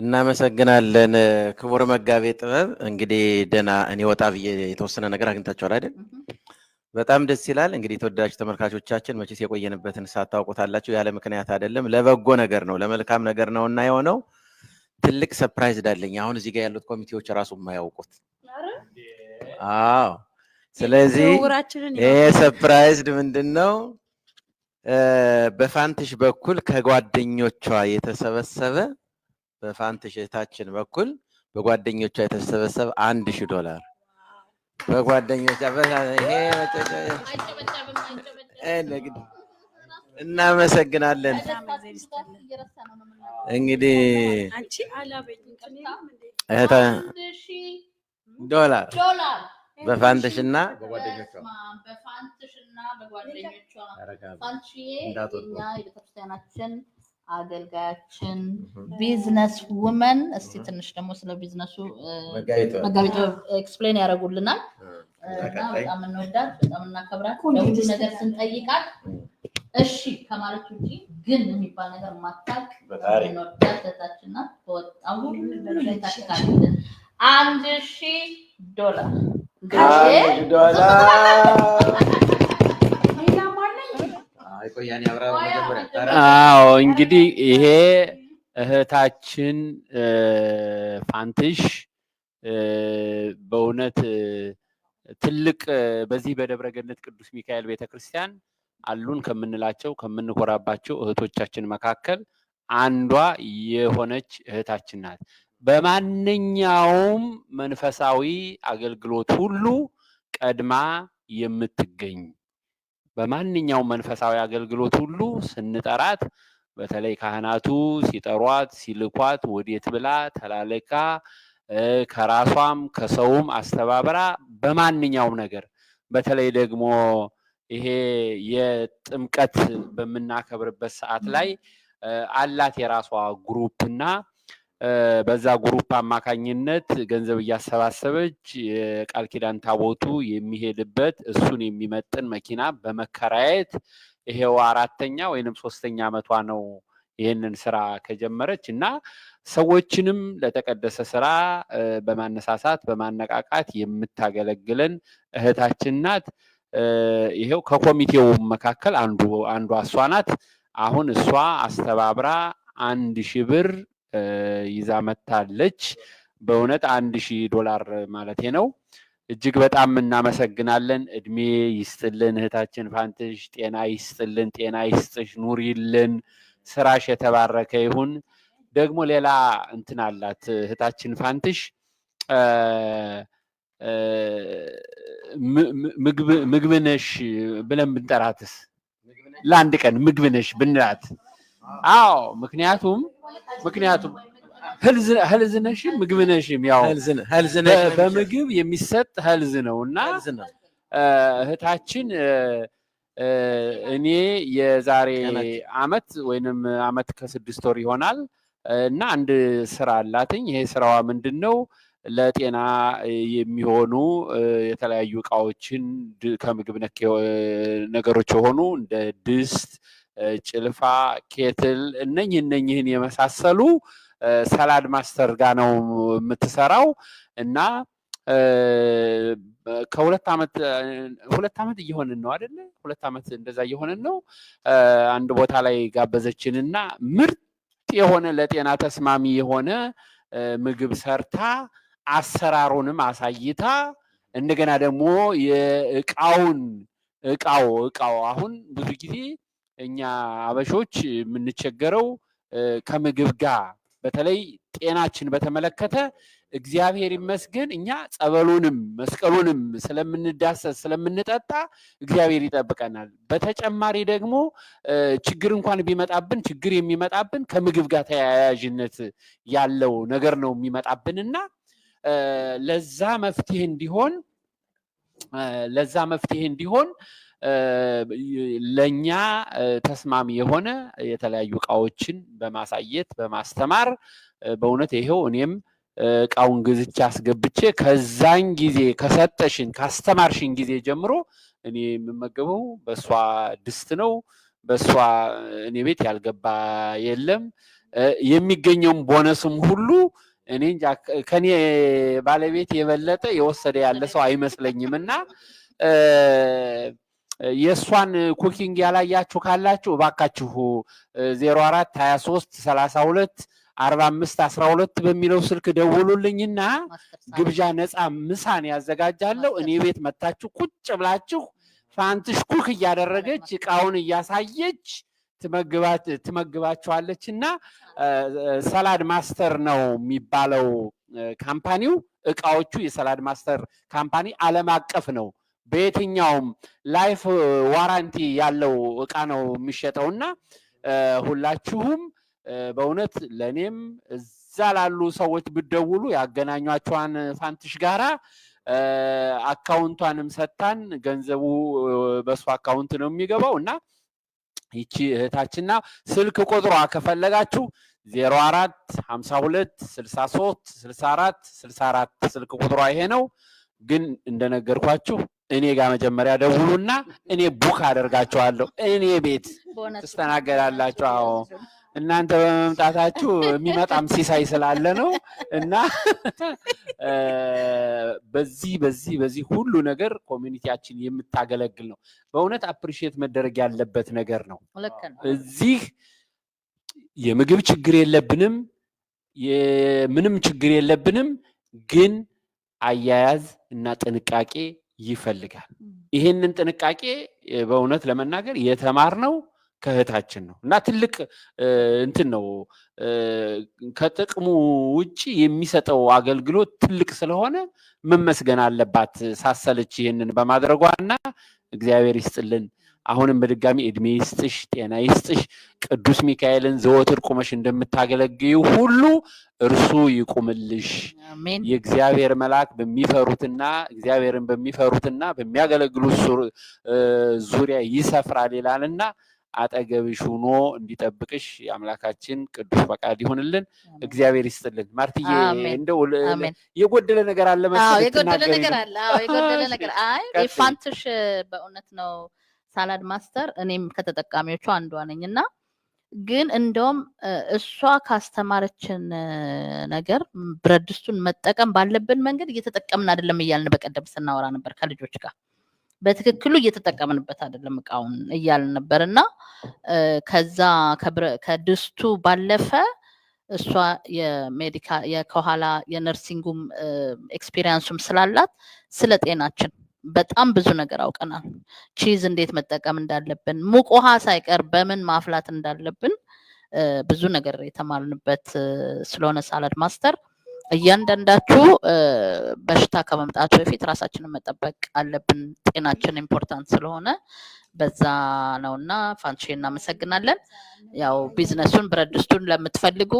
እናመሰግናለን ክቡር መጋቤ ጥበብ። እንግዲህ ደና እኔ ወጣ ብዬ የተወሰነ ነገር አግኝታችኋል አይደል? በጣም ደስ ይላል። እንግዲህ ተወዳጅ ተመልካቾቻችን መቼስ የቆየንበትን ሳታውቁታላቸው ያለ ምክንያት አይደለም። ለበጎ ነገር ነው፣ ለመልካም ነገር ነው እና የሆነው ትልቅ ሰፕራይዝ ዳለኝ። አሁን እዚህ ጋር ያሉት ኮሚቴዎች ራሱ የማያውቁት አዎ። ስለዚህ ይሄ ሰፕራይዝድ ምንድን ነው በፋንትሽ በኩል ከጓደኞቿ የተሰበሰበ በፋንትሽ እህታችን በኩል በጓደኞቿ የተሰበሰበ አንድ ሺህ ዶላር በጓደኞቿ እናመሰግናለን። እንግዲህ ዶላር በፋንትሽና በፋንትሽና በጓደኞቿ ፋንትሽዬ የኛ የቤተክርስቲያናችን አገልጋያችን ቢዝነስ ውመን። እስቲ ትንሽ ደግሞ ስለ ቢዝነሱ መጋቢት ኤክስፕሌን ያደርጉልናል። በጣም እንወዳት፣ በጣም እናከብራት። ለሁሉ ነገር ስንጠይቃት እሺ ከማለት ውጭ ግን የሚባል ነገር ማታቅ እንወዳት። ናት። በወጣ ሁሉ ታካለን አንድ ሺህ ዶላር አዎ እንግዲህ ይሄ እህታችን ፋንትሽ በእውነት ትልቅ በዚህ በደብረ ቅዱስ ሚካኤል ቤተክርስቲያን አሉን ከምንላቸው ከምንኮራባቸው እህቶቻችን መካከል አንዷ የሆነች እህታችን ናት። በማንኛውም መንፈሳዊ አገልግሎት ሁሉ ቀድማ የምትገኝ በማንኛውም መንፈሳዊ አገልግሎት ሁሉ ስንጠራት በተለይ ካህናቱ ሲጠሯት ሲልኳት ወዴት ብላ ተላልካ ከራሷም ከሰውም አስተባብራ በማንኛውም ነገር በተለይ ደግሞ ይሄ የጥምቀት በምናከብርበት ሰዓት ላይ አላት የራሷ ግሩፕ እና በዛ ግሩፕ አማካኝነት ገንዘብ እያሰባሰበች የቃል ኪዳን ታቦቱ የሚሄድበት እሱን የሚመጥን መኪና በመከራየት ይሄው አራተኛ ወይንም ሶስተኛ ዓመቷ ነው ይህንን ስራ ከጀመረች እና ሰዎችንም ለተቀደሰ ስራ በማነሳሳት በማነቃቃት የምታገለግለን እህታችን ናት። ይሄው ከኮሚቴው መካከል አንዷ እሷ ናት። አሁን እሷ አስተባብራ አንድ ሺህ ብር ይዛ መታለች። በእውነት አንድ ሺህ ዶላር ማለት ነው። እጅግ በጣም እናመሰግናለን። እድሜ ይስጥልን እህታችን ፋንትሽ፣ ጤና ይስጥልን፣ ጤና ይስጥሽ፣ ኑሪልን፣ ስራሽ የተባረከ ይሁን። ደግሞ ሌላ እንትን አላት እህታችን ፋንትሽ ምግብነሽ ብለን ብንጠራትስ ለአንድ ቀን ምግብነሽ ብንላት? አዎ ምክንያቱም ምክንያቱም ህልዝ ነሽም ምግብ ነሽም ያው በምግብ የሚሰጥ ህልዝ ነው እና እህታችን እኔ የዛሬ አመት ወይንም አመት ከስድስት ወር ይሆናል እና አንድ ስራ አላትኝ። ይሄ ስራዋ ምንድን ነው? ለጤና የሚሆኑ የተለያዩ እቃዎችን ከምግብ ነክ ነገሮች የሆኑ እንደ ድስት ጭልፋ፣ ኬትል እነኝህ እነኝህን የመሳሰሉ ሰላድ ማስተር ጋ ነው የምትሰራው እና ከሁለት ዓመት ሁለት ዓመት እየሆንን ነው አይደለ? ሁለት ዓመት እንደዛ እየሆንን ነው። አንድ ቦታ ላይ እና ምርጥ የሆነ ለጤና ተስማሚ የሆነ ምግብ ሰርታ አሰራሩንም አሳይታ እንደገና ደግሞ የእቃውን እቃው እቃው አሁን ብዙ ጊዜ እኛ አበሾች የምንቸገረው ከምግብ ጋር በተለይ ጤናችን በተመለከተ እግዚአብሔር ይመስገን እኛ ጸበሉንም መስቀሉንም ስለምንዳሰስ ስለምንጠጣ እግዚአብሔር ይጠብቀናል። በተጨማሪ ደግሞ ችግር እንኳን ቢመጣብን ችግር የሚመጣብን ከምግብ ጋር ተያያዥነት ያለው ነገር ነው የሚመጣብንና ለዛ መፍትሄ እንዲሆን ለዛ መፍትሄ እንዲሆን ለእኛ ተስማሚ የሆነ የተለያዩ እቃዎችን በማሳየት በማስተማር በእውነት ይሄው እኔም እቃውን ግዝቼ አስገብቼ ከዛን ጊዜ ከሰጠሽን ካስተማርሽን ጊዜ ጀምሮ እኔ የምመገበው በእሷ ድስት ነው። በእሷ እኔ ቤት ያልገባ የለም። የሚገኘውም ቦነስም ሁሉ እኔ እንጃ ከኔ ባለቤት የበለጠ የወሰደ ያለ ሰው አይመስለኝም እና የእሷን ኩኪንግ ያላያችሁ ካላችሁ እባካችሁ 04 23 32 45 12 በሚለው ስልክ ደውሉልኝና ግብዣ ነፃ ምሳን ያዘጋጃለሁ። እኔ ቤት መታችሁ ቁጭ ብላችሁ ፋንትሽ ኩክ እያደረገች እቃውን እያሳየች ትመግባችኋለች። እና ሰላድ ማስተር ነው የሚባለው ካምፓኒው። እቃዎቹ የሰላድ ማስተር ካምፓኒ አለም አቀፍ ነው። በየትኛውም ላይፍ ዋራንቲ ያለው እቃ ነው የሚሸጠው እና ሁላችሁም በእውነት ለእኔም እዛ ላሉ ሰዎች ብደውሉ ያገናኟቸዋን ፋንትሽ ጋራ አካውንቷንም ሰጥታን ገንዘቡ በሱ አካውንት ነው የሚገባው እና ይቺ እህታችንና ስልክ ቁጥሯ ከፈለጋችሁ 04 52 63 64 64 ስልክ ቁጥሯ ይሄ ነው። ግን እንደነገርኳችሁ እኔ ጋር መጀመሪያ ደውሉና እኔ ቡክ አደርጋችኋለሁ። እኔ ቤት ትስተናገዳላችሁ። አዎ እናንተ በመምጣታችሁ የሚመጣም ሲሳይ ስላለ ነው እና በዚህ በዚህ በዚህ ሁሉ ነገር ኮሚኒቲያችን የምታገለግል ነው። በእውነት አፕሪሺየት መደረግ ያለበት ነገር ነው። እዚህ የምግብ ችግር የለብንም፣ ምንም ችግር የለብንም። ግን አያያዝ እና ጥንቃቄ ይፈልጋል። ይህንን ጥንቃቄ በእውነት ለመናገር የተማርነው ከእህታችን ነው እና ትልቅ እንትን ነው። ከጥቅሙ ውጭ የሚሰጠው አገልግሎት ትልቅ ስለሆነ መመስገን አለባት ሳሰለች ይህንን በማድረጓ እና እግዚአብሔር ይስጥልን። አሁንም በድጋሚ እድሜ ይስጥሽ፣ ጤና ይስጥሽ። ቅዱስ ሚካኤልን ዘወትር ቁመሽ እንደምታገለግዩ ሁሉ እርሱ ይቁምልሽ። የእግዚአብሔር መልአክ በሚፈሩትና እግዚአብሔርን በሚፈሩትና በሚያገለግሉት ዙሪያ ይሰፍራል ይላልና አጠገብሽ ሁኖ እንዲጠብቅሽ የአምላካችን ቅዱስ ፈቃድ ይሆንልን። እግዚአብሔር ይስጥልን። ማርትዬ እንደው የጎደለ ነገር አለ መሰለኝ። የጎደለ ነገር አለ። የጎደለ ነገር አይ ፋንትሽ በእውነት ነው ሳላድ ማስተር እኔም ከተጠቃሚዎቹ አንዷ ነኝ እና ግን እንደውም እሷ ካስተማረችን ነገር ብረት ድስቱን መጠቀም ባለብን መንገድ እየተጠቀምን አይደለም እያልን በቀደም ስናወራ ነበር ከልጆች ጋር በትክክሉ እየተጠቀምንበት አይደለም እቃውን እያልን ነበር እና ከዛ ከድስቱ ባለፈ እሷ የሜዲካ ከኋላ የነርሲንጉም ኤክስፔሪንሱም ስላላት ስለ ጤናችን በጣም ብዙ ነገር አውቀናል። ቺዝ እንዴት መጠቀም እንዳለብን፣ ሙቅ ውሃ ሳይቀር በምን ማፍላት እንዳለብን ብዙ ነገር የተማርንበት ስለሆነ ሳላድ ማስተር እያንዳንዳችሁ በሽታ ከመምጣቱ በፊት ራሳችንን መጠበቅ አለብን። ጤናችን ኢምፖርታንት ስለሆነ በዛ ነውና ፋንሽ እናመሰግናለን። ያው ቢዝነሱን ብረት ድስቱን ለምትፈልጉ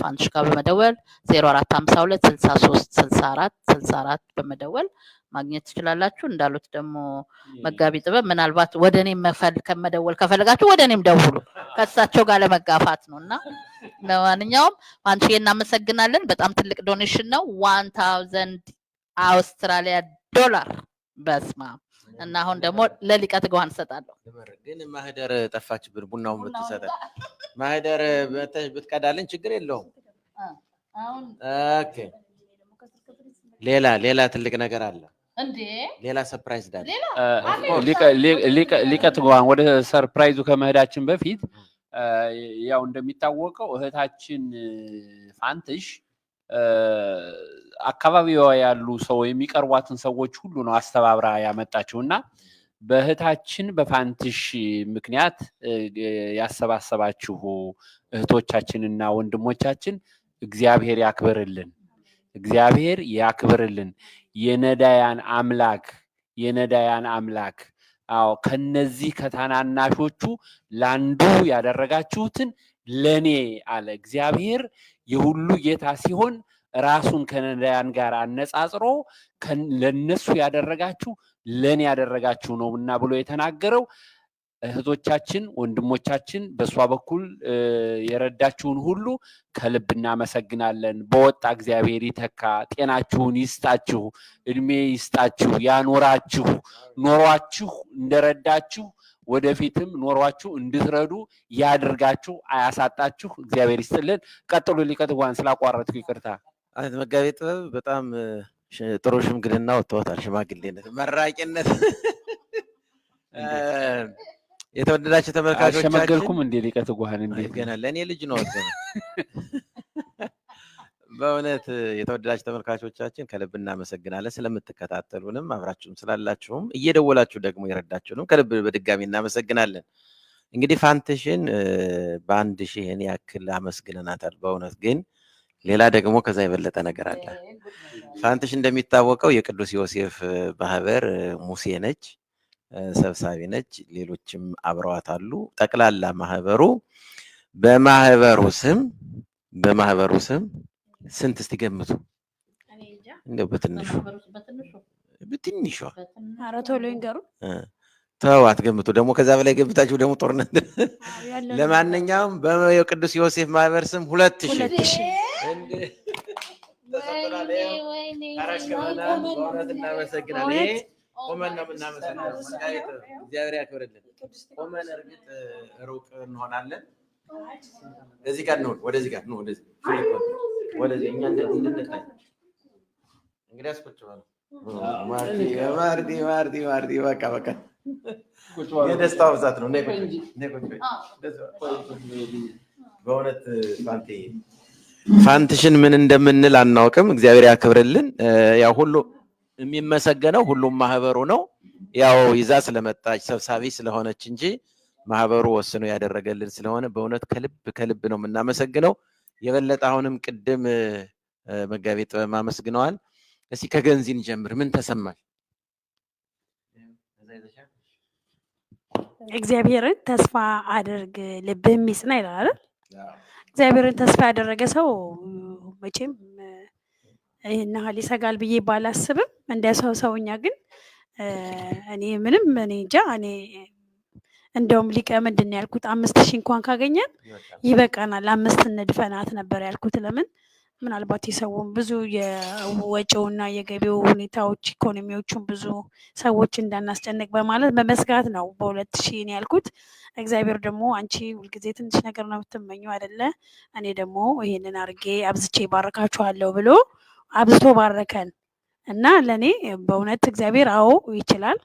ፋንሽ ጋር በመደወል 0452 63 64 64 በመደወል ማግኘት ትችላላችሁ። እንዳሉት ደግሞ መጋቢ ጥበብ ምናልባት ወደ እኔም ከመደወል ከፈለጋችሁ ወደ እኔም ደውሉ፣ ከእሳቸው ጋር ለመጋፋት ነው እና ለማንኛውም ፋንሽዬ እናመሰግናለን። በጣም ትልቅ ዶኔሽን ነው ዋን አውስትራሊያ ዶላር በስማም እና አሁን ደግሞ ለሊቀ ትጉሃን እሰጣለሁ። ግን ማህደር ጠፋችብን። ቡና ብትሰጠ ማህደር ብትቀዳልን ችግር የለውም። ሌላ ሌላ ትልቅ ነገር አለ። ሌላ ሰርፕራይዝ ሊቀ ትጉሃን ወደ ሰርፕራይዙ ከመሄዳችን በፊት ያው እንደሚታወቀው እህታችን ፋንትሽ አካባቢዋ ያሉ ሰው የሚቀርቧትን ሰዎች ሁሉ ነው አስተባብራ ያመጣችው እና በእህታችን በፋንትሽ ምክንያት ያሰባሰባችሁ እህቶቻችንና ወንድሞቻችን እግዚአብሔር ያክብርልን፣ እግዚአብሔር ያክብርልን። የነዳያን አምላክ የነዳያን አምላክ አዎ ከነዚህ ከታናናሾቹ ለአንዱ ያደረጋችሁትን ለኔ አለ እግዚአብሔር የሁሉ ጌታ ሲሆን ራሱን ከነዳያን ጋር አነጻጽሮ ለነሱ ያደረጋችሁ ለእኔ ያደረጋችሁ ነው እና ብሎ የተናገረው እህቶቻችን፣ ወንድሞቻችን በእሷ በኩል የረዳችሁን ሁሉ ከልብ እናመሰግናለን። በወጣ እግዚአብሔር ይተካ፣ ጤናችሁን ይስጣችሁ፣ እድሜ ይስጣችሁ፣ ያኖራችሁ ኖሯችሁ እንደረዳችሁ ወደፊትም ኖሯችሁ እንድትረዱ ያድርጋችሁ፣ አያሳጣችሁ። እግዚአብሔር ይስጥልን። ቀጥሉ። ሊቀትጓን ስላቋረጥኩ ይቅርታ። መጋቤ ጥበብ በጣም ጥሩ ሽምግልና ወጥተወታል። ሽማግሌነት፣ መራቂነት። የተወደዳቸው ተመልካቾቻችን ሸመገልኩም እንዴ? ሊቀትጓህን እንዴ! ገና ለእኔ ልጅ ነው። ወገነ በእውነት የተወደዳችሁ ተመልካቾቻችን ከልብ እናመሰግናለን ስለምትከታተሉንም አብራችሁም ስላላችሁም እየደወላችሁ ደግሞ የረዳችሁንም ከልብ በድጋሚ እናመሰግናለን። እንግዲህ ፋንትሽን በአንድ ሺህን ያክል አመስግነናታል። በእውነት ግን ሌላ ደግሞ ከዛ የበለጠ ነገር አለ። ፋንትሽ እንደሚታወቀው የቅዱስ ዮሴፍ ማህበር ሙሴ ነች፣ ሰብሳቢ ነች። ሌሎችም አብረዋት አሉ። ጠቅላላ ማህበሩ በማህበሩ ስም በማህበሩ ስም ስንት እስቲ ገምቱ? እንደው በትንሹ በትንሿ ኧረ ቶሎ ይንገሩ። ደግሞ ከዛ በላይ ደግሞ ጦርነት። ለማንኛውም በቅዱስ ዮሴፍ ማህበር ስም ሁለት ሺህ እናመሰግናለን። ቆመን ነው የምናመሰግነው። እግዚአብሔር ያክብርልን። ቆመን እርግጥ ሩቅ እንሆናለን። እዚህ ጋር እንሆን፣ ወደዚህ ጋር እንሆን፣ ወደዚህ ወደዚህ እኛ እንድንታይ እንግዲህ ማርቲ ማርቲ ማርቲ በቃ በቃ የደስታው ብዛት ነው። በእውነት ፋንትሽን ምን እንደምንል አናውቅም። እግዚአብሔር ያክብርልን። ያው ሁሉ የሚመሰገነው ሁሉም ማህበሩ ነው። ያው ይዛ ስለመጣች ሰብሳቢ ስለሆነች እንጂ ማህበሩ ወስኖ ያደረገልን ስለሆነ በእውነት ከልብ ከልብ ነው የምናመሰግነው። የበለጠ አሁንም ቅድም መጋቤ ጥበብ አመስግነዋል። እስቲ ከገንዚን ጀምር። ምን ተሰማል? እግዚአብሔርን ተስፋ አድርግ ልብ ይጽና ይላል። እግዚአብሔርን ተስፋ ያደረገ ሰው መቼም ይህን ይሰጋል ብዬ ባላስብም እንደ ሰው ሰውኛ ግን እኔ ምንም እኔ እንጃ እኔ እንደውም ሊቀ ምንድን ያልኩት አምስት ሺህ እንኳን ካገኘን ይበቃናል፣ አምስት እንድፈናት ነበር ያልኩት። ለምን ምናልባት የሰውን ብዙ የወጪውና የገቢው ሁኔታዎች ኢኮኖሚዎቹን ብዙ ሰዎች እንዳናስጨንቅ በማለት በመስጋት ነው በሁለት ሺህ እኔ ያልኩት። እግዚአብሔር ደግሞ አንቺ ሁልጊዜ ትንሽ ነገር ነው የምትመኙ አይደለ? እኔ ደግሞ ይሄንን አድርጌ አብዝቼ ይባረካችኋለሁ ብሎ አብዝቶ ባረከን እና ለእኔ በእውነት እግዚአብሔር አዎ ይችላል፣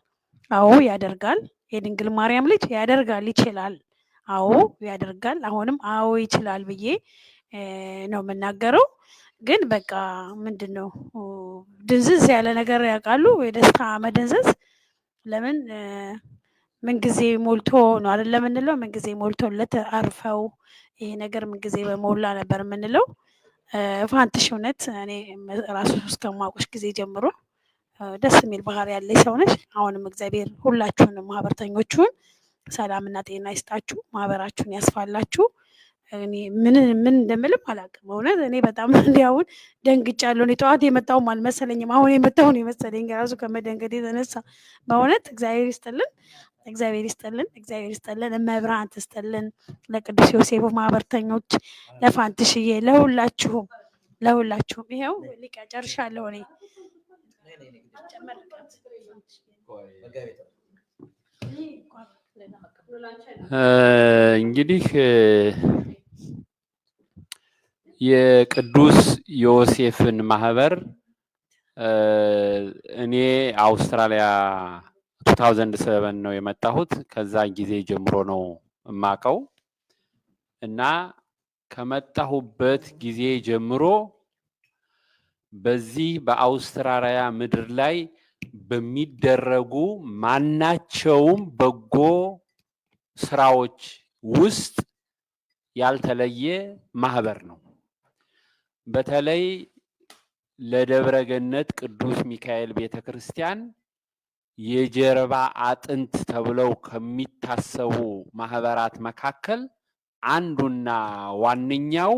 አዎ ያደርጋል። የድንግል ማርያም ልጅ ያደርጋል፣ ይችላል። አዎ ያደርጋል። አሁንም አዎ ይችላል ብዬ ነው የምናገረው። ግን በቃ ምንድን ነው ድንዝዝ ያለ ነገር ያውቃሉ፣ የደስታ መደንዘዝ። ለምን ምንጊዜ ሞልቶ ነው አይደል የምንለው? ምንጊዜ ሞልቶለት አርፈው ይሄ ነገር ምንጊዜ በሞላ ነበር የምንለው። ፋንትሽ እውነት እኔ ራሱ እስከማውቅሽ ጊዜ ጀምሮ ደስ የሚል ባህሪ ያለች ሰው ነች። አሁንም እግዚአብሔር ሁላችሁንም ማህበርተኞቹን ሰላምና ጤና ይስጣችሁ፣ ማህበራችሁን ያስፋላችሁ። ምን ምን እንደምልም አላውቅም። እውነት እኔ በጣም እንዲያውን ደንግጫለሁ። እኔ ጠዋት የመጣውም አልመሰለኝም። አሁን የመጣውን የመሰለኝ ራሱ ከመደንገድ የተነሳ በእውነት እግዚአብሔር ይስጥልን፣ እግዚአብሔር ይስጥልን፣ እግዚአብሔር ይስጥልን፣ መብርሃን ትስጥልን። ለቅዱስ ዮሴፉ ማህበርተኞች፣ ለፋንትሽዬ፣ ለሁላችሁም፣ ለሁላችሁም ይኸው ሊቀ ጨርሻለሁ እኔ እንግዲህ የቅዱስ ዮሴፍን ማህበር እኔ አውስትራሊያ 2007 ነው የመጣሁት። ከዛ ጊዜ ጀምሮ ነው ማቀው እና ከመጣሁበት ጊዜ ጀምሮ በዚህ በአውስትራሊያ ምድር ላይ በሚደረጉ ማናቸውም በጎ ስራዎች ውስጥ ያልተለየ ማህበር ነው። በተለይ ለደብረ ገነት ቅዱስ ሚካኤል ቤተ ክርስቲያን የጀርባ አጥንት ተብለው ከሚታሰቡ ማህበራት መካከል አንዱና ዋነኛው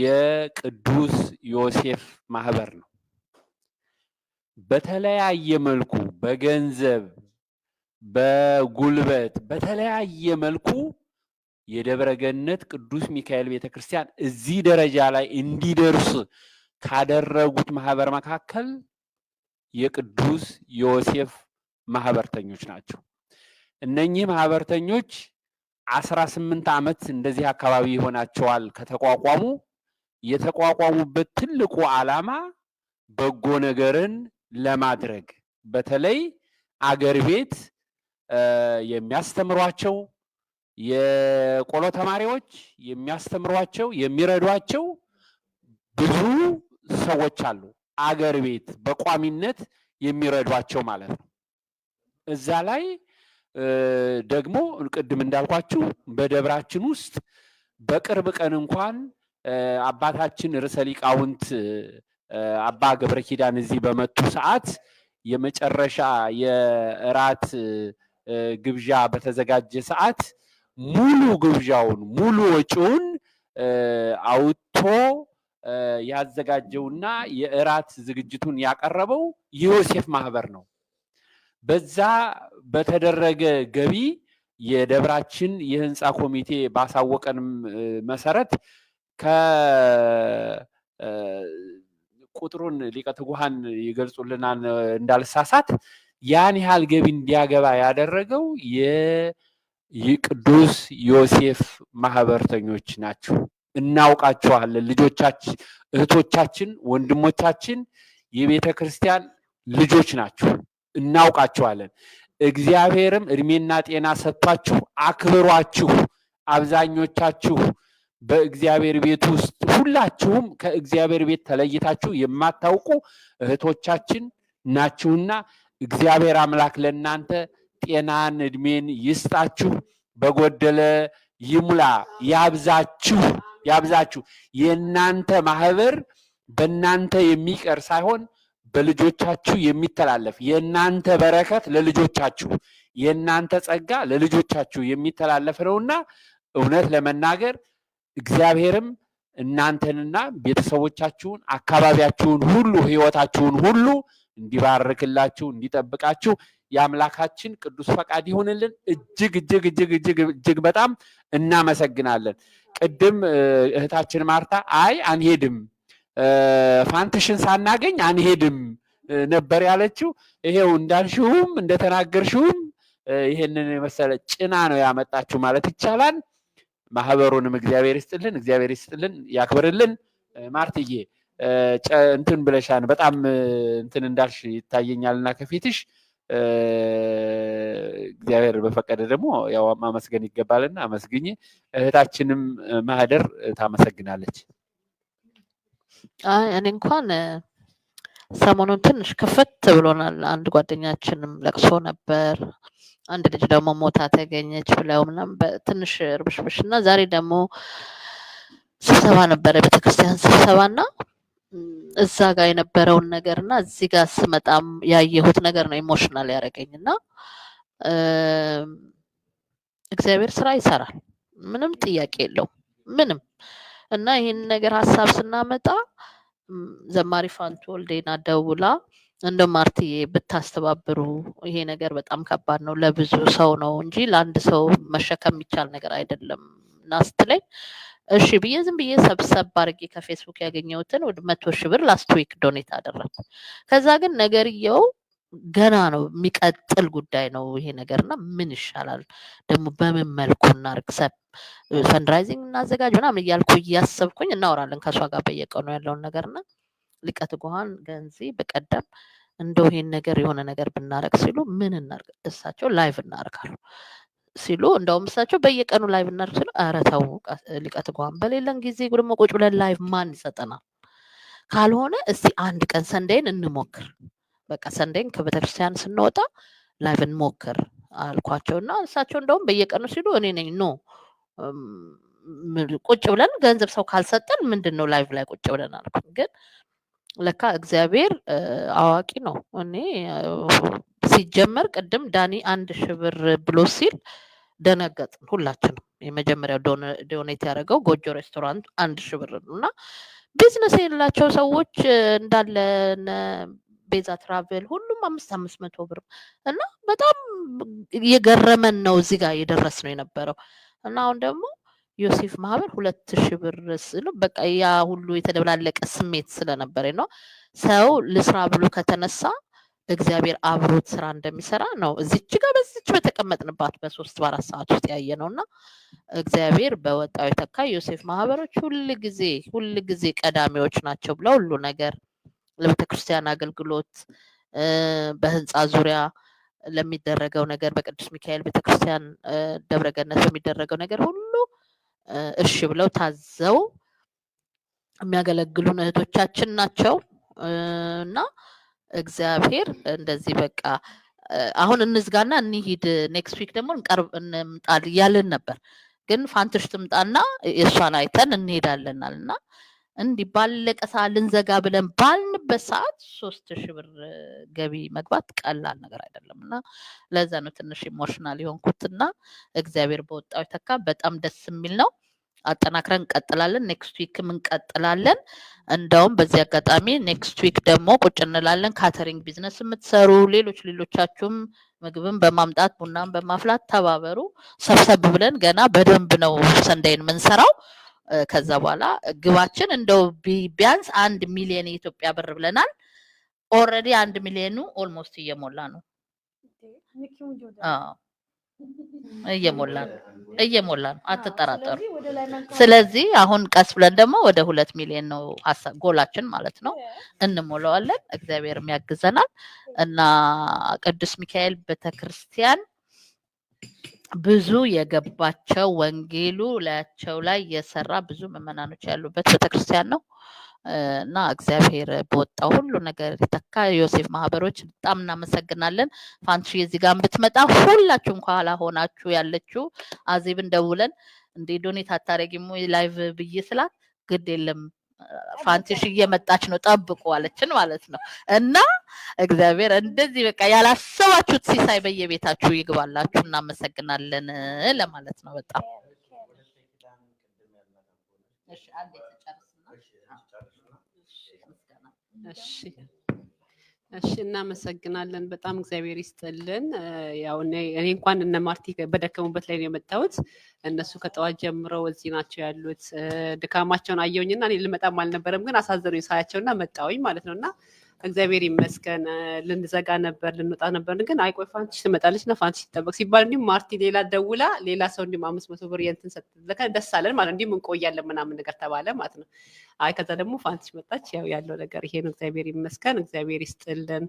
የቅዱስ ዮሴፍ ማህበር ነው። በተለያየ መልኩ በገንዘብ፣ በጉልበት በተለያየ መልኩ የደብረ ገነት ቅዱስ ሚካኤል ቤተክርስቲያን እዚህ ደረጃ ላይ እንዲደርስ ካደረጉት ማህበር መካከል የቅዱስ ዮሴፍ ማህበርተኞች ናቸው። እነኚህ ማህበርተኞች አስራ ስምንት ዓመት እንደዚህ አካባቢ ይሆናቸዋል ከተቋቋሙ የተቋቋሙበት ትልቁ ዓላማ በጎ ነገርን ለማድረግ በተለይ አገር ቤት የሚያስተምሯቸው የቆሎ ተማሪዎች የሚያስተምሯቸው የሚረዷቸው ብዙ ሰዎች አሉ። አገር ቤት በቋሚነት የሚረዷቸው ማለት ነው። እዛ ላይ ደግሞ ቅድም እንዳልኳችሁ በደብራችን ውስጥ በቅርብ ቀን እንኳን አባታችን ርዕሰ ሊቃውንት አባ ገብረ ኪዳን እዚህ በመጡ ሰዓት የመጨረሻ የእራት ግብዣ በተዘጋጀ ሰዓት ሙሉ ግብዣውን ሙሉ ወጪውን አውጥቶ ያዘጋጀውና የእራት ዝግጅቱን ያቀረበው የዮሴፍ ማህበር ነው። በዛ በተደረገ ገቢ የደብራችን የህንፃ ኮሚቴ ባሳወቀንም መሰረት ከቁጥሩን ሊቀ ትጉሃን ይገልጹልናል እንዳልሳሳት ያን ያህል ገቢ እንዲያገባ ያደረገው የቅዱስ ዮሴፍ ማህበርተኞች ናቸው። እናውቃቸዋለን። ልጆቻችን፣ እህቶቻችን፣ ወንድሞቻችን የቤተ ክርስቲያን ልጆች ናቸው። እናውቃቸዋለን። እግዚአብሔርም እድሜና ጤና ሰጥቷችሁ አክብሯችሁ አብዛኞቻችሁ በእግዚአብሔር ቤት ውስጥ ሁላችሁም ከእግዚአብሔር ቤት ተለይታችሁ የማታውቁ እህቶቻችን ናችሁና እግዚአብሔር አምላክ ለእናንተ ጤናን እድሜን ይስጣችሁ፣ በጎደለ ይሙላ፣ ያብዛችሁ ያብዛችሁ። የእናንተ ማህበር በእናንተ የሚቀር ሳይሆን በልጆቻችሁ የሚተላለፍ የእናንተ በረከት ለልጆቻችሁ የእናንተ ጸጋ ለልጆቻችሁ የሚተላለፍ ነውና እውነት ለመናገር እግዚአብሔርም እናንተንና ቤተሰቦቻችሁን አካባቢያችሁን ሁሉ ህይወታችሁን ሁሉ እንዲባርክላችሁ እንዲጠብቃችሁ የአምላካችን ቅዱስ ፈቃድ ይሁንልን። እጅግ እጅግ እጅግ እጅግ እጅግ በጣም እናመሰግናለን። ቅድም እህታችን ማርታ አይ አንሄድም፣ ፋንትሽን ሳናገኝ አንሄድም ነበር ያለችው። ይሄው እንዳልሽውም እንደተናገርሽውም ይሄንን የመሰለ ጭና ነው ያመጣችሁ ማለት ይቻላል። ማህበሩንም እግዚአብሔር ይስጥልን፣ እግዚአብሔር ይስጥልን፣ ያክብርልን። ማርትዬ እንትን ብለሻን በጣም እንትን እንዳልሽ ይታየኛልና ከፊትሽ እግዚአብሔር በፈቀደ ደግሞ ያው ማመስገን ይገባልና አመስግኝ። እህታችንም ማህደር ታመሰግናለች። እኔ እንኳን ሰሞኑን ትንሽ ክፍት ብሎናል። አንድ ጓደኛችንም ለቅሶ ነበር፣ አንድ ልጅ ደግሞ ሞታ ተገኘች ብለው ምናምን ትንሽ ርብሽብሽ እና ዛሬ ደግሞ ስብሰባ ነበረ፣ ቤተክርስቲያን ስብሰባ እና እዛ ጋር የነበረውን ነገር እና እዚህ ጋር ስመጣም ያየሁት ነገር ነው ኢሞሽናል ያደረገኝ እና እግዚአብሔር ስራ ይሰራል፣ ምንም ጥያቄ የለው ምንም እና ይህን ነገር ሀሳብ ስናመጣ ዘማሪ ፋንቱ ወልዴና ደውላ እንደ ማርትዬ ብታስተባብሩ ይሄ ነገር በጣም ከባድ ነው፣ ለብዙ ሰው ነው እንጂ ለአንድ ሰው መሸከም የሚቻል ነገር አይደለም እና ስትለኝ እሺ ብዬ ዝም ብዬ ሰብሰብ አድርጌ ከፌስቡክ ያገኘሁትን ወደ መቶ ሺህ ብር ላስት ዊክ ዶኔት አደረግኩ። ከዛ ግን ነገርየው ገና ነው የሚቀጥል ጉዳይ ነው ይሄ ነገር እና ምን ይሻላል ደግሞ በምን መልኩ እናርግ ፈንድራይዚንግ እናዘጋጅ ምናምን እያልኩ እያሰብኩኝ እናወራለን ከእሷ ጋር በየቀኑ ያለውን ነገር ነገርና ሊቀት ጎሃን ገንዚ በቀደም እንደው ይሄን ነገር የሆነ ነገር ብናረግ ሲሉ ምን እናርግ እሳቸው ላይቭ እናርጋሉ ሲሉ እንደውም እሳቸው በየቀኑ ላይቭ እናርግ ሲሉ ኧረ ተው ሊቀት ጎሃን በሌለን ጊዜ ደግሞ ቁጭ ብለን ላይቭ ማን ይሰጠናል ካልሆነ እስቲ አንድ ቀን ሰንደይን እንሞክር በቃ ሰንደይን ከቤተክርስቲያን ስንወጣ ላይቭ እንሞክር አልኳቸው እና እሳቸው እንደውም በየቀኑ ሲሉ እኔ ነኝ ኖ ቁጭ ብለን ገንዘብ ሰው ካልሰጠን ምንድን ነው ላይቭ ላይ ቁጭ ብለን አልኩ። ግን ለካ እግዚአብሔር አዋቂ ነው። እኔ ሲጀመር ቅድም ዳኒ አንድ ሺህ ብር ብሎ ሲል ደነገጥን ሁላችንም። የመጀመሪያው ዶኔት ያደረገው ጎጆ ሬስቶራንት አንድ ሺህ ብር ነው እና ቢዝነስ የሌላቸው ሰዎች እንዳለ ቤዛ ትራቬል ሁሉም አምስት አምስት መቶ ብር እና በጣም የገረመን ነው እዚህ ጋር የደረስ ነው የነበረው እና አሁን ደግሞ ዮሴፍ ማህበር ሁለት ሺ ብር ስሉ በቃ ያ ሁሉ የተደብላለቀ ስሜት ስለነበረ ነው። ሰው ልስራ ብሎ ከተነሳ እግዚአብሔር አብሮት ስራ እንደሚሰራ ነው። እዚች ጋር በዚች በተቀመጥንባት በሶስት በአራት ሰዓት ውስጥ ያየ ነው እና እግዚአብሔር በወጣው የተካ ዮሴፍ ማህበሮች ሁል ጊዜ ሁል ጊዜ ቀዳሚዎች ናቸው ብለው ሁሉ ነገር ለቤተክርስቲያን አገልግሎት በህንፃ ዙሪያ ለሚደረገው ነገር በቅዱስ ሚካኤል ቤተክርስቲያን ደብረገነት በሚደረገው ነገር ሁሉ እሺ ብለው ታዘው የሚያገለግሉን እህቶቻችን ናቸው እና እግዚአብሔር እንደዚህ በቃ አሁን እንዝጋና እንሂድ፣ ኔክስት ዊክ ደግሞ እንቀርብ እንምጣል እያልን ነበር፣ ግን ፋንትሽ ትምጣና የእሷን አይተን እንሄዳለናል እና እንዲህ ባለቀ ሰዓት ልንዘጋ ብለን ባልንበት ሰዓት ሶስት ሺህ ብር ገቢ መግባት ቀላል ነገር አይደለም እና ለዛ ነው ትንሽ ኢሞሽናል የሆንኩትና እግዚአብሔር በወጣው የተካ በጣም ደስ የሚል ነው። አጠናክረን እንቀጥላለን። ኔክስት ዊክም እንቀጥላለን። እንደውም በዚህ አጋጣሚ ኔክስት ዊክ ደግሞ ቁጭ እንላለን። ካተሪንግ ቢዝነስ የምትሰሩ ሌሎች ሌሎቻችሁም ምግብን በማምጣት ቡናን በማፍላት ተባበሩ። ሰብሰብ ብለን ገና በደንብ ነው ሰንዳይን የምንሰራው። ከዛ በኋላ ግባችን እንደው ቢያንስ አንድ ሚሊዮን የኢትዮጵያ ብር ብለናል። ኦልሬዲ አንድ ሚሊዮኑ ኦልሞስት እየሞላ ነው እየሞላ ነው እየሞላ ነው፣ አትጠራጠሩ። ስለዚህ አሁን ቀስ ብለን ደግሞ ወደ ሁለት ሚሊዮን ነው ጎላችን ማለት ነው። እንሞላዋለን፣ እግዚአብሔርም ያግዘናል እና ቅዱስ ሚካኤል ቤተክርስቲያን ብዙ የገባቸው ወንጌሉ ላያቸው ላይ የሰራ ብዙ ምዕመናኖች ያሉበት ቤተክርስቲያን ነው እና እግዚአብሔር በወጣው ሁሉ ነገር የተካ ዮሴፍ ማህበሮች በጣም እናመሰግናለን። ፋንትሽ እዚህ ጋር ብትመጣ ሁላችሁም ከኋላ ሆናችሁ ያለችው አዜብን ደውለን እንዲ ዶኔት አታረጊሙ ላይቭ ብዬ ስላት ግድ የለም ፋንቲሽ እየመጣች ነው ጠብቁ አለችን ማለት ነው። እና እግዚአብሔር እንደዚህ በቃ ያላሰባችሁት ሲሳይ በየቤታችሁ ይግባላችሁ። እናመሰግናለን ለማለት ነው በጣም እሺ እሺ እናመሰግናለን። በጣም እግዚአብሔር ይስጥልን። ያው እኔ እንኳን እነ ማርቲ በደከሙበት ላይ ነው የመጣሁት። እነሱ ከጠዋት ጀምረው እዚህ ናቸው ያሉት። ድካማቸውን አየውኝና እኔ ልመጣም አልነበረም፣ ግን አሳዘኑኝ ሳያቸውና መጣውኝ ማለት ነው እና እግዚአብሔር ይመስገን። ልንዘጋ ነበር ልንወጣ ነበር፣ ግን አይቆይ ፋንትሽ ትመጣለች ና ፋንትሽ ይጠበቅ ሲባል እንዲሁም ማርቲ ሌላ ደውላ ሌላ ሰው እንዲሁም አምስት መቶ ብር የንትን ሰጥተን ደስ አለን ማለት እንዲሁም እንቆያለን ምናምን ነገር ተባለ ማለት ነው። አይ ከዛ ደግሞ ፋንትሽ መጣች። ያው ያለው ነገር ይሄ ነው። እግዚአብሔር ይመስገን፣ እግዚአብሔር ይስጥልን።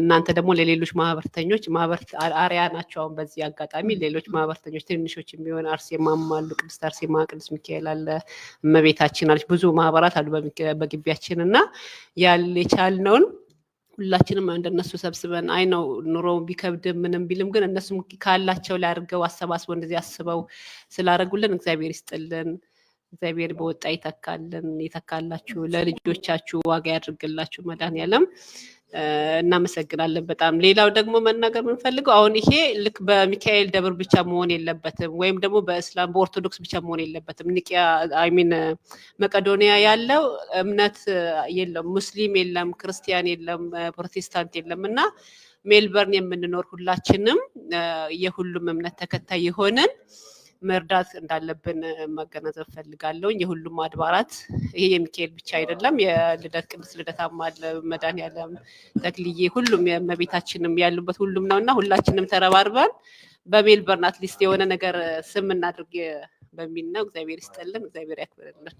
እናንተ ደግሞ ለሌሎች ማህበርተኞች ማህበር አሪያ ናቸው። አሁን በዚህ አጋጣሚ ሌሎች ማህበርተኞች ትንንሾች የሚሆን አርሴማም አሉ፣ ቅድስት አርሴማ፣ ቅዱስ ሚካኤል አለ፣ እመቤታችን አለች፣ ብዙ ማህበራት አሉ በግቢያችን እና ያል የቻልነውን ሁላችንም እንደነሱ ሰብስበን አይ ነው ኑሮ ቢከብድም ምንም ቢልም ግን እነሱም ካላቸው ላይ አድርገው አሰባስበው እንደዚህ አስበው ስላደረጉልን እግዚአብሔር ይስጥልን። እግዚአብሔር በወጣ ይተካልን ይተካላችሁ፣ ለልጆቻችሁ ዋጋ ያድርግላችሁ። መድኃኒዓለም እናመሰግናለን በጣም። ሌላው ደግሞ መናገር የምንፈልገው አሁን ይሄ ልክ በሚካኤል ደብር ብቻ መሆን የለበትም ወይም ደግሞ በእስላም በኦርቶዶክስ ብቻ መሆን የለበትም። ኒቅያ አይሚን መቀዶኒያ ያለው እምነት የለም፣ ሙስሊም የለም፣ ክርስቲያን የለም፣ ፕሮቴስታንት የለም እና ሜልበርን የምንኖር ሁላችንም የሁሉም እምነት ተከታይ የሆንን መርዳት እንዳለብን መገናዘብ ፈልጋለሁ። የሁሉም አድባራት ይሄ የሚካኤል ብቻ አይደለም። የልደት ቅዱስ ልደታም አለ፣ መድኃኔዓለም ተክልዬ፣ ሁሉም የእመቤታችንም ያሉበት ሁሉም ነው እና ሁላችንም ተረባርበን በሜልበርን አትሊስት የሆነ ነገር ስም እናድርግ በሚል ነው። እግዚአብሔር ይስጠልን፣ እግዚአብሔር ያክብርልን።